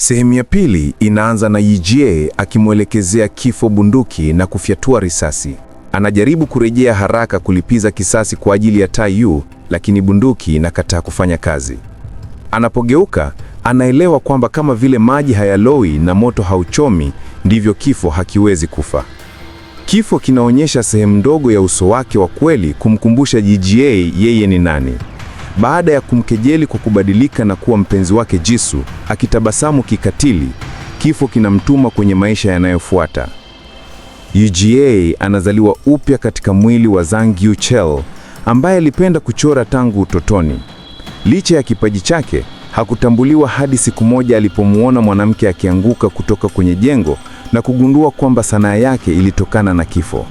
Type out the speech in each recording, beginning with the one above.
Sehemu ya pili inaanza na Yijie akimwelekezea kifo bunduki na kufyatua risasi. Anajaribu kurejea haraka kulipiza kisasi kwa ajili ya Yu, lakini bunduki inakataa kufanya kazi. Anapogeuka, anaelewa kwamba kama vile maji hayalowi na moto hauchomi, ndivyo kifo hakiwezi kufa. Kifo kinaonyesha sehemu ndogo ya uso wake wa kweli kumkumbusha Yijie yeye ni nani. Baada ya kumkejeli kwa kubadilika na kuwa mpenzi wake jisu akitabasamu kikatili, kifo kinamtuma kwenye maisha yanayofuata. UGA anazaliwa upya katika mwili wa Zhang Yuchel ambaye alipenda kuchora tangu utotoni. Licha ya kipaji chake, hakutambuliwa hadi siku moja alipomuona mwanamke akianguka kutoka kwenye jengo na kugundua kwamba sanaa yake ilitokana na kifo.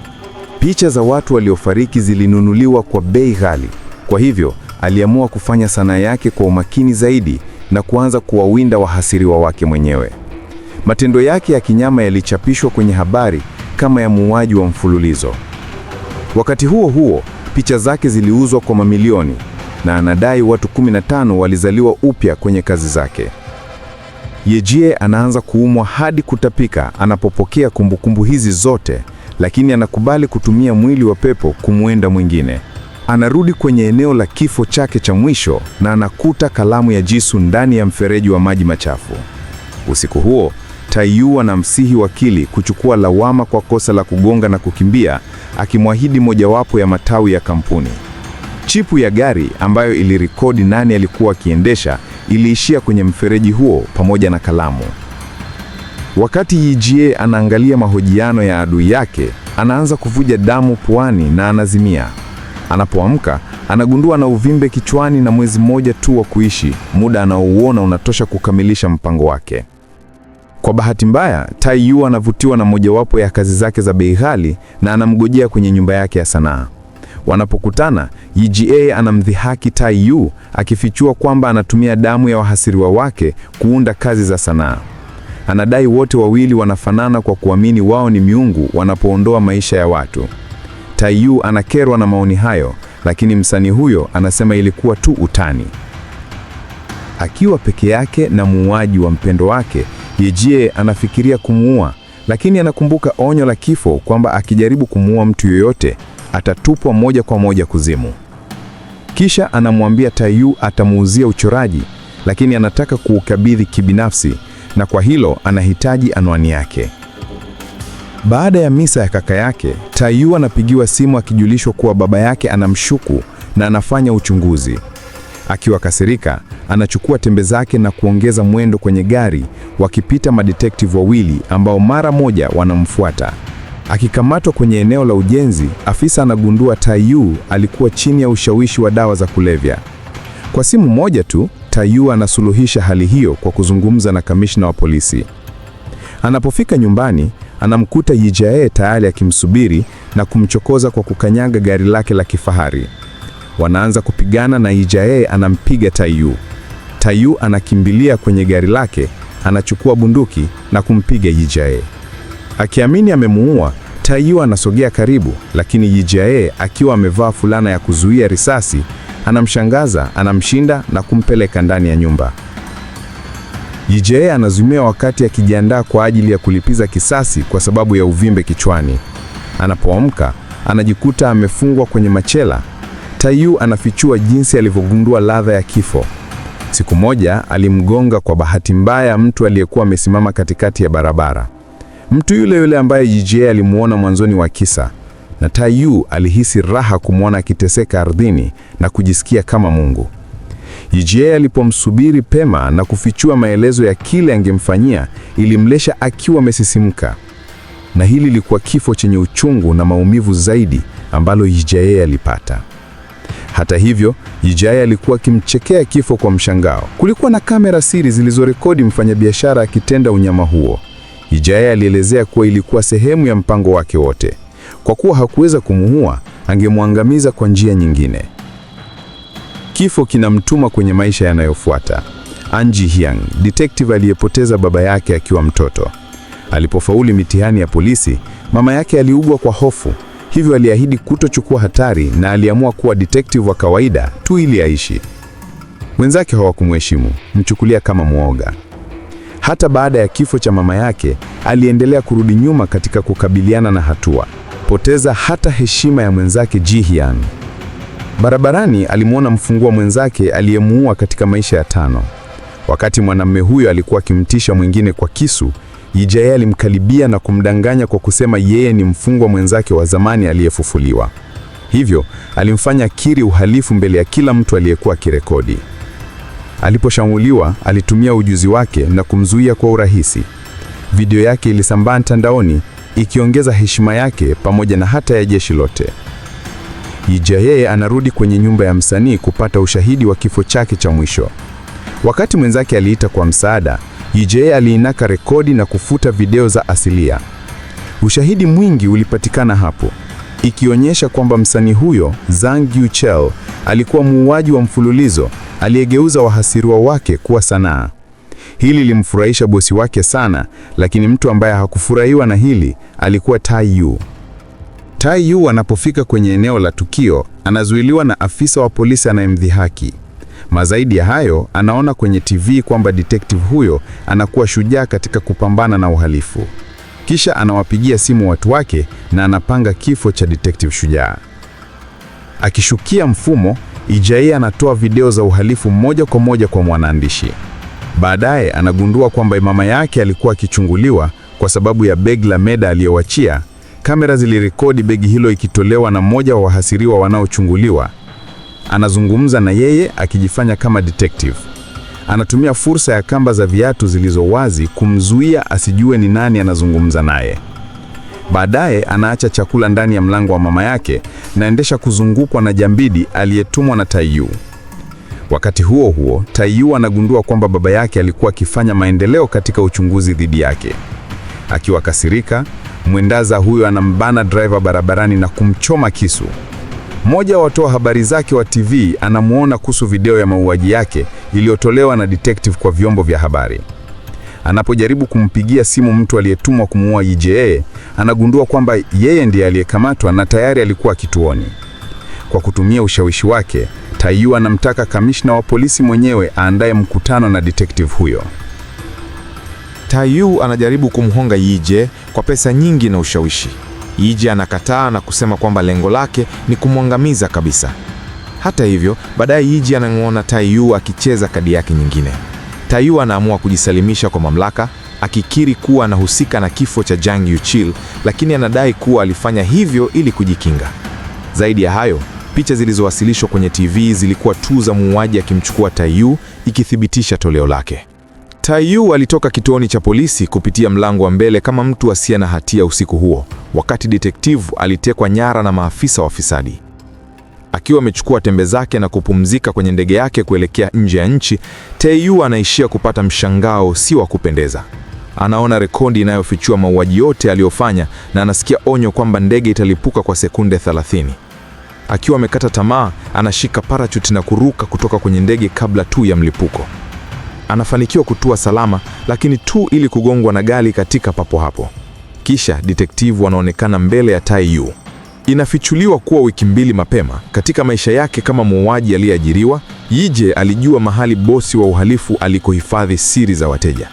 Picha za watu waliofariki zilinunuliwa kwa bei ghali. Kwa hivyo aliamua kufanya sanaa yake kwa umakini zaidi na kuanza kuwawinda wahasiriwa wake mwenyewe. Matendo yake ya kinyama yalichapishwa kwenye habari kama ya muuaji wa mfululizo. Wakati huo huo, picha zake ziliuzwa kwa mamilioni na anadai watu 15 walizaliwa upya kwenye kazi zake. Yejie anaanza kuumwa hadi kutapika anapopokea kumbukumbu hizi zote, lakini anakubali kutumia mwili wa pepo kumwenda mwingine. Anarudi kwenye eneo la kifo chake cha mwisho na anakuta kalamu ya jisu ndani ya mfereji wa maji machafu. Usiku huo, Taiyu anamsihi wakili kuchukua lawama kwa kosa la kugonga na kukimbia, akimwahidi mojawapo ya matawi ya kampuni. Chipu ya gari ambayo ilirekodi nani alikuwa akiendesha iliishia kwenye mfereji huo pamoja na kalamu. Wakati Yijie anaangalia mahojiano ya adui yake, anaanza kuvuja damu puani na anazimia. Anapoamka anagundua na uvimbe kichwani na mwezi mmoja tu wa kuishi, muda anaouona unatosha kukamilisha mpango wake. Kwa bahati mbaya, Tai Yu anavutiwa na mojawapo ya kazi zake za bei ghali na anamgojea kwenye nyumba yake ya sanaa. Wanapokutana, Yijie anamdhihaki Tai Yu akifichua kwamba anatumia damu ya wahasiriwa wake kuunda kazi za sanaa. Anadai wote wawili wanafanana kwa kuamini wao ni miungu wanapoondoa maisha ya watu. Tayu anakerwa na maoni hayo, lakini msanii huyo anasema ilikuwa tu utani. Akiwa peke yake na muuaji wa mpendo wake, Yejie anafikiria kumuua, lakini anakumbuka onyo la kifo kwamba akijaribu kumuua mtu yoyote atatupwa moja kwa moja kuzimu. Kisha anamwambia Tayu atamuuzia uchoraji, lakini anataka kuukabidhi kibinafsi na kwa hilo anahitaji anwani yake. Baada ya misa ya kaka yake, Tayu anapigiwa simu akijulishwa kuwa baba yake anamshuku na anafanya uchunguzi. Akiwa kasirika, anachukua tembe zake na kuongeza mwendo kwenye gari, wakipita madetective wawili ambao mara moja wanamfuata. Akikamatwa kwenye eneo la ujenzi, afisa anagundua Tayu alikuwa chini ya ushawishi wa dawa za kulevya. Kwa simu moja tu, Tayu anasuluhisha hali hiyo kwa kuzungumza na kamishna wa polisi. Anapofika nyumbani, anamkuta Yijae tayari akimsubiri na kumchokoza kwa kukanyaga gari lake la kifahari. Wanaanza kupigana na Yijae anampiga Tayu. Tayu anakimbilia kwenye gari lake, anachukua bunduki na kumpiga Yijae. Akiamini amemuua, Tayu anasogea karibu, lakini Yijae akiwa amevaa fulana ya kuzuia risasi, anamshangaza, anamshinda na kumpeleka ndani ya nyumba. Yijee anazumia wakati akijiandaa kwa ajili ya kulipiza kisasi kwa sababu ya uvimbe kichwani. Anapoamka anajikuta amefungwa kwenye machela. Tayu anafichua jinsi alivyogundua ladha ya kifo. Siku moja alimgonga kwa bahati mbaya mtu aliyekuwa amesimama katikati ya barabara, mtu yule yule ambaye Yijee alimuona mwanzoni wa kisa, na Tayu alihisi raha kumwona akiteseka ardhini na kujisikia kama Mungu. Yijie alipomsubiri Pema na kufichua maelezo ya kile angemfanyia, ilimlesha akiwa amesisimka, na hili lilikuwa kifo chenye uchungu na maumivu zaidi ambalo Yijie alipata. Hata hivyo, Yijie alikuwa akimchekea kifo kwa mshangao. Kulikuwa na kamera siri zilizorekodi mfanyabiashara akitenda unyama huo. Yijie alielezea kuwa ilikuwa sehemu ya mpango wake wote. Kwa kuwa hakuweza kumuua, angemwangamiza kwa njia nyingine. Kifo kinamtuma kwenye maisha yanayofuata. Anji Hyang, detective aliyepoteza baba yake akiwa mtoto. Alipofauli mitihani ya polisi, mama yake aliugwa kwa hofu, hivyo aliahidi kutochukua hatari na aliamua kuwa detective wa kawaida tu ili aishi. Wenzake hawakumheshimu, mchukulia kama mwoga. Hata baada ya kifo cha mama yake, aliendelea kurudi nyuma katika kukabiliana na hatua. Poteza hata heshima ya mwenzake Ji Hyang. Barabarani alimwona mfungua mwenzake aliyemuua katika maisha ya tano. Wakati mwanamume huyo alikuwa akimtisha mwingine kwa kisu, Yijaya e alimkaribia na kumdanganya kwa kusema yeye ni mfungwa mwenzake wa zamani aliyefufuliwa. Hivyo alimfanya kiri uhalifu mbele ya kila mtu aliyekuwa akirekodi. Aliposhamuliwa, alitumia ujuzi wake na kumzuia kwa urahisi. Video yake ilisambaa mtandaoni ikiongeza heshima yake pamoja na hata ya jeshi lote. Hija yeye anarudi kwenye nyumba ya msanii kupata ushahidi wa kifo chake cha mwisho. Wakati mwenzake aliita kwa msaada, Hija yeye aliinaka rekodi na kufuta video za asilia. Ushahidi mwingi ulipatikana hapo, ikionyesha kwamba msanii huyo Zhang Yuchel alikuwa muuaji wa mfululizo aliyegeuza wahasiriwa wake kuwa sanaa. Hili limfurahisha bosi wake sana, lakini mtu ambaye hakufurahiwa na hili alikuwa Tai Yu. Tai Yu anapofika kwenye eneo la tukio, anazuiliwa na afisa wa polisi anayemdhihaki. Mazaidi ya hayo, anaona kwenye TV kwamba detective huyo anakuwa shujaa katika kupambana na uhalifu. Kisha anawapigia simu watu wake na anapanga kifo cha detective shujaa. Akishukia mfumo, Ijai e anatoa video za uhalifu moja kwa moja kwa mwanaandishi. Baadaye anagundua kwamba mama yake alikuwa akichunguliwa kwa sababu ya begi la Meda aliyowachia Kamera zilirekodi begi hilo ikitolewa na mmoja wa wahasiriwa wanaochunguliwa. Anazungumza na yeye akijifanya kama detective. Anatumia fursa ya kamba za viatu zilizo wazi kumzuia asijue ni nani anazungumza naye. Baadaye anaacha chakula ndani ya mlango wa mama yake naendesha kuzungukwa na jambidi aliyetumwa na Taiyu. Wakati huo huo, Taiyu anagundua kwamba baba yake alikuwa akifanya maendeleo katika uchunguzi dhidi yake. Akiwa kasirika, mwendaza huyo anambana driver barabarani na kumchoma kisu. Mmoja wa watoa habari zake wa TV anamuona kuhusu video ya mauaji yake iliyotolewa na detective kwa vyombo vya habari. Anapojaribu kumpigia simu mtu aliyetumwa kumuua IJA, e anagundua kwamba yeye ndiye aliyekamatwa na tayari alikuwa kituoni. Kwa kutumia ushawishi wake, tayu anamtaka kamishna wa polisi mwenyewe aandaye mkutano na detective huyo. Tayu anajaribu kumhonga Yije kwa pesa nyingi na ushawishi. Yije anakataa na kusema kwamba lengo lake ni kumwangamiza kabisa. Hata hivyo, baadaye Yije anamwona Tayu akicheza kadi yake nyingine. Tayu anaamua kujisalimisha kwa mamlaka, akikiri kuwa anahusika na kifo cha Jang Yuchil, lakini anadai kuwa alifanya hivyo ili kujikinga. Zaidi ya hayo, picha zilizowasilishwa kwenye TV zilikuwa tu za muuaji akimchukua Tayu, ikithibitisha toleo lake. Taiyu alitoka kituoni cha polisi kupitia mlango wa mbele kama mtu asiye na hatia usiku huo, wakati detektivu alitekwa nyara na maafisa wafisadi. Akiwa amechukua tembe zake na kupumzika kwenye ndege yake kuelekea nje ya nchi, Taiyu anaishia kupata mshangao si wa kupendeza. Anaona rekodi inayofichua mauaji yote aliyofanya na anasikia onyo kwamba ndege italipuka kwa sekunde 30. Akiwa amekata tamaa, anashika parachuti na kuruka kutoka kwenye ndege kabla tu ya mlipuko anafanikiwa kutua salama, lakini tu ili kugongwa na gari katika papo hapo. Kisha detektivu anaonekana mbele ya Yu. Inafichuliwa kuwa wiki mbili mapema katika maisha yake kama muuaji aliyeajiriwa, Yije alijua mahali bosi wa uhalifu alikohifadhi siri za wateja.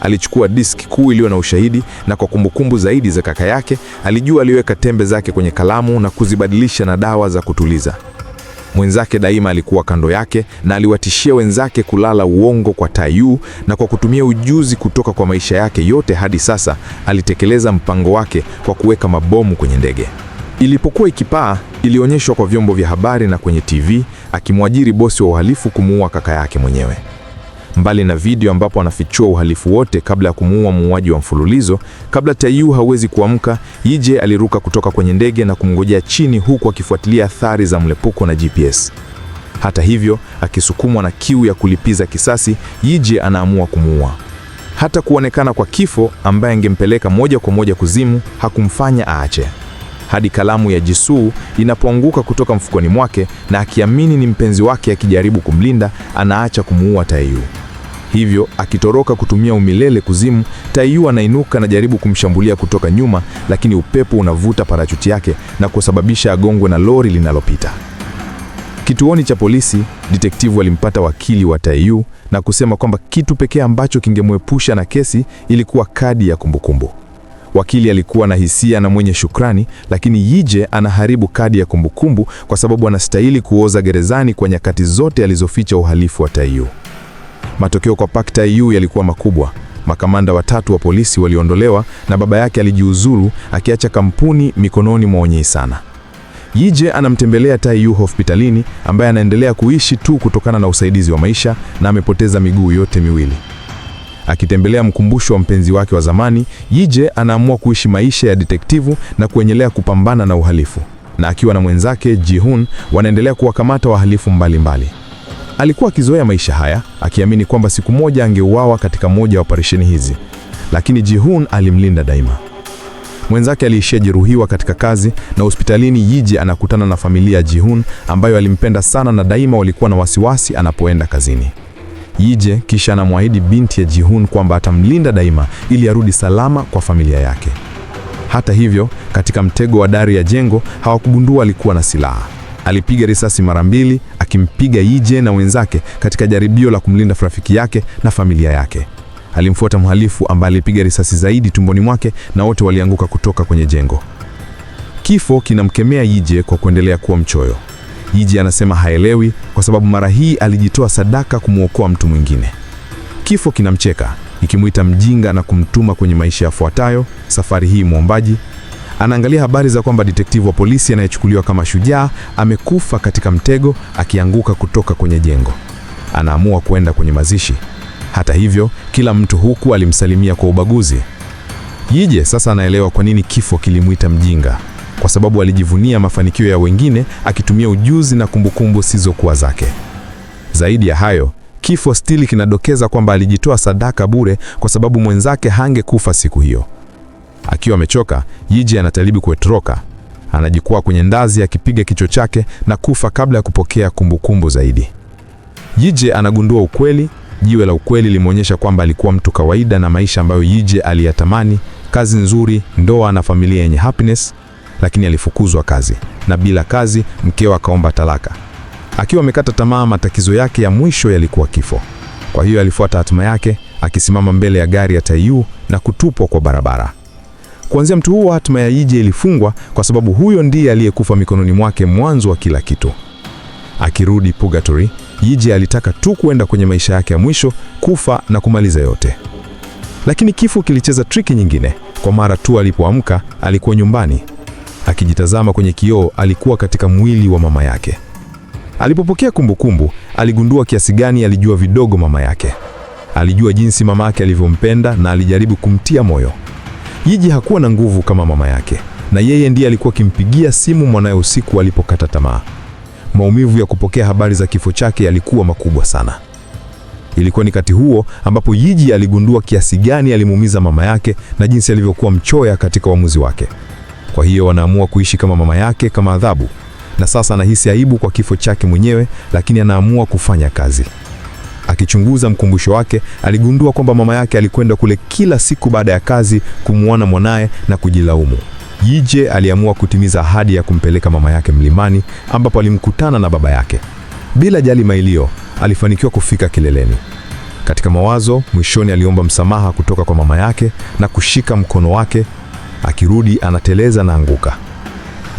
Alichukua diski kuu iliyo na ushahidi, na kwa kumbukumbu zaidi za kaka yake, alijua aliweka tembe zake kwenye kalamu na kuzibadilisha na dawa za kutuliza. Mwenzake daima alikuwa kando yake na aliwatishia wenzake kulala uongo kwa tayu na kwa kutumia ujuzi kutoka kwa maisha yake yote hadi sasa alitekeleza mpango wake kwa kuweka mabomu kwenye ndege. Ilipokuwa ikipaa, ilionyeshwa kwa vyombo vya habari na kwenye TV, akimwajiri bosi wa uhalifu kumuua kaka yake mwenyewe. Mbali na video ambapo anafichua uhalifu wote kabla ya kumuua muuaji wa mfululizo, kabla Tayu hawezi kuamka, Yije aliruka kutoka kwenye ndege na kumngojea chini huku akifuatilia athari za mlepuko na GPS. Hata hivyo, akisukumwa na kiu ya kulipiza kisasi, Yije anaamua kumuua. Hata kuonekana kwa kifo ambaye angempeleka moja kwa moja kuzimu hakumfanya aache hadi kalamu ya Jisoo inapoanguka kutoka mfukoni mwake, na akiamini ni mpenzi wake akijaribu kumlinda, anaacha kumuua Taiyu. Hivyo akitoroka kutumia umilele kuzimu, Taiyu anainuka na jaribu kumshambulia kutoka nyuma, lakini upepo unavuta parachuti yake na kusababisha agongwe na lori linalopita. Kituoni cha polisi, detektivu alimpata wakili wa Taiyu na kusema kwamba kitu pekee ambacho kingemwepusha na kesi ilikuwa kadi ya kumbukumbu. Wakili alikuwa na hisia na mwenye shukrani, lakini Yije anaharibu kadi ya kumbukumbu kwa sababu anastahili kuoza gerezani kwa nyakati zote alizoficha uhalifu wa Taiyu. Matokeo kwa Pak Taiyu yalikuwa makubwa. Makamanda watatu wa polisi waliondolewa na baba yake alijiuzulu akiacha kampuni mikononi mwa Onyei sana. Yije anamtembelea Taiyu hospitalini, ambaye anaendelea kuishi tu kutokana na usaidizi wa maisha na amepoteza miguu yote miwili. Akitembelea mkumbusho wa mpenzi wake wa zamani, Yije anaamua kuishi maisha ya detektivu na kuendelea kupambana na uhalifu. Na akiwa na mwenzake Jihun wanaendelea kuwakamata wahalifu mbalimbali. Alikuwa akizoea maisha haya, akiamini kwamba siku moja angeuawa katika moja ya operesheni hizi, lakini Jihun alimlinda daima. Mwenzake aliishia jeruhiwa katika kazi, na hospitalini Yije anakutana na familia ya Jihun ambayo alimpenda sana na daima walikuwa na wasiwasi anapoenda kazini. Yije kisha anamwahidi binti ya Jihun kwamba atamlinda daima ili arudi salama kwa familia yake. Hata hivyo, katika mtego wa dari ya jengo hawakugundua alikuwa na silaha. Alipiga risasi mara mbili akimpiga Yije na wenzake katika jaribio la kumlinda rafiki yake na familia yake. Alimfuata mhalifu ambaye alipiga risasi zaidi tumboni mwake na wote walianguka kutoka kwenye jengo. Kifo kinamkemea Yije kwa kuendelea kuwa mchoyo. Yiji anasema haelewi kwa sababu mara hii alijitoa sadaka kumwokoa mtu mwingine. Kifo kinamcheka ikimuita mjinga na kumtuma kwenye maisha yafuatayo. Safari hii mwombaji anaangalia habari za kwamba detektivu wa polisi anayechukuliwa kama shujaa amekufa katika mtego akianguka kutoka kwenye jengo. Anaamua kuenda kwenye mazishi. Hata hivyo, kila mtu huku alimsalimia kwa ubaguzi. Yije sasa anaelewa kwa nini kifo kilimwita mjinga kwa sababu alijivunia mafanikio ya wengine akitumia ujuzi na kumbukumbu sizokuwa zake. Zaidi ya hayo, kifo stili kinadokeza kwamba alijitoa sadaka bure kwa sababu mwenzake hangekufa siku hiyo. Akiwa amechoka, Yiji anataribu kuetoroka, anajikwaa kwenye ndazi akipiga kichwa chake na kufa kabla ya kupokea kumbukumbu zaidi. Yije anagundua ukweli. Jiwe la ukweli limeonyesha kwamba alikuwa mtu kawaida na maisha ambayo Yije aliyatamani, kazi nzuri, ndoa na familia yenye happiness, lakini alifukuzwa kazi, na bila kazi mkeo akaomba talaka. Akiwa amekata tamaa, matakizo yake ya mwisho yalikuwa kifo. Kwa hiyo alifuata hatima yake akisimama mbele ya gari ya tayu na kutupwa kwa barabara. Kuanzia mtu huo, hatima ya Ije ilifungwa kwa sababu huyo ndiye aliyekufa mikononi mwake mwanzo wa kila kitu. Akirudi Purgatory, yije alitaka tu kuenda kwenye maisha yake ya mwisho, kufa na kumaliza yote. Lakini kifo kilicheza triki nyingine. Kwa mara tu alipoamka, alikuwa nyumbani Akijitazama kwenye kioo, alikuwa katika mwili wa mama yake. Alipopokea kumbukumbu, aligundua kiasi gani alijua vidogo mama yake. Alijua jinsi mama yake alivyompenda na alijaribu kumtia moyo. yiji hakuwa na nguvu kama mama yake, na yeye ndiye alikuwa akimpigia simu mwanaye usiku alipokata tamaa. Maumivu ya kupokea habari za kifo chake yalikuwa makubwa sana. Ilikuwa ni kati huo ambapo yiji aligundua kiasi gani alimuumiza mama yake na jinsi alivyokuwa mchoya katika uamuzi wake. Kwa hiyo wanaamua kuishi kama mama yake kama adhabu, na sasa anahisi aibu kwa kifo chake mwenyewe, lakini anaamua kufanya kazi. Akichunguza mkumbusho wake, aligundua kwamba mama yake alikwenda kule kila siku baada ya kazi kumwona mwanaye na kujilaumu. Yije aliamua kutimiza ahadi ya kumpeleka mama yake mlimani, ambapo alimkutana na baba yake. Bila jali mailio, alifanikiwa kufika kileleni. Katika mawazo, mwishoni aliomba msamaha kutoka kwa mama yake na kushika mkono wake Akirudi anateleza na anguka.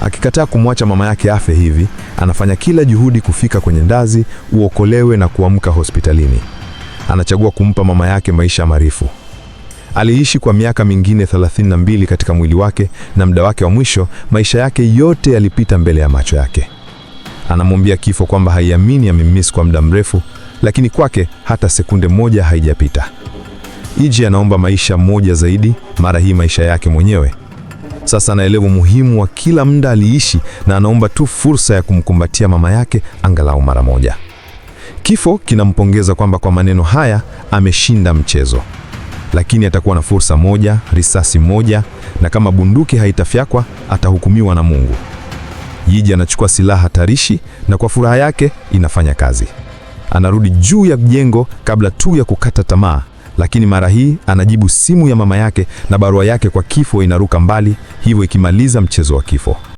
Akikataa kumwacha mama yake afe hivi, anafanya kila juhudi kufika kwenye ndazi, uokolewe na kuamka hospitalini. Anachagua kumpa mama yake maisha marefu. Aliishi kwa miaka mingine 32 katika mwili wake, na muda wake wa mwisho, maisha yake yote yalipita mbele ya macho yake. Anamwambia kifo kwamba haiamini amemiss kwa muda mrefu, lakini kwake hata sekunde moja haijapita. Iji anaomba maisha moja zaidi, mara hii maisha yake mwenyewe. Sasa anaelewa umuhimu wa kila muda aliishi na anaomba tu fursa ya kumkumbatia mama yake angalau mara moja. Kifo kinampongeza kwamba kwa maneno haya ameshinda mchezo, lakini atakuwa na fursa moja, risasi moja, na kama bunduki haitafyakwa atahukumiwa na Mungu. Yiji anachukua silaha hatarishi na kwa furaha yake inafanya kazi. Anarudi juu ya jengo kabla tu ya kukata tamaa lakini mara hii anajibu simu ya mama yake na barua yake kwa kifo inaruka mbali, hivyo ikimaliza mchezo wa kifo.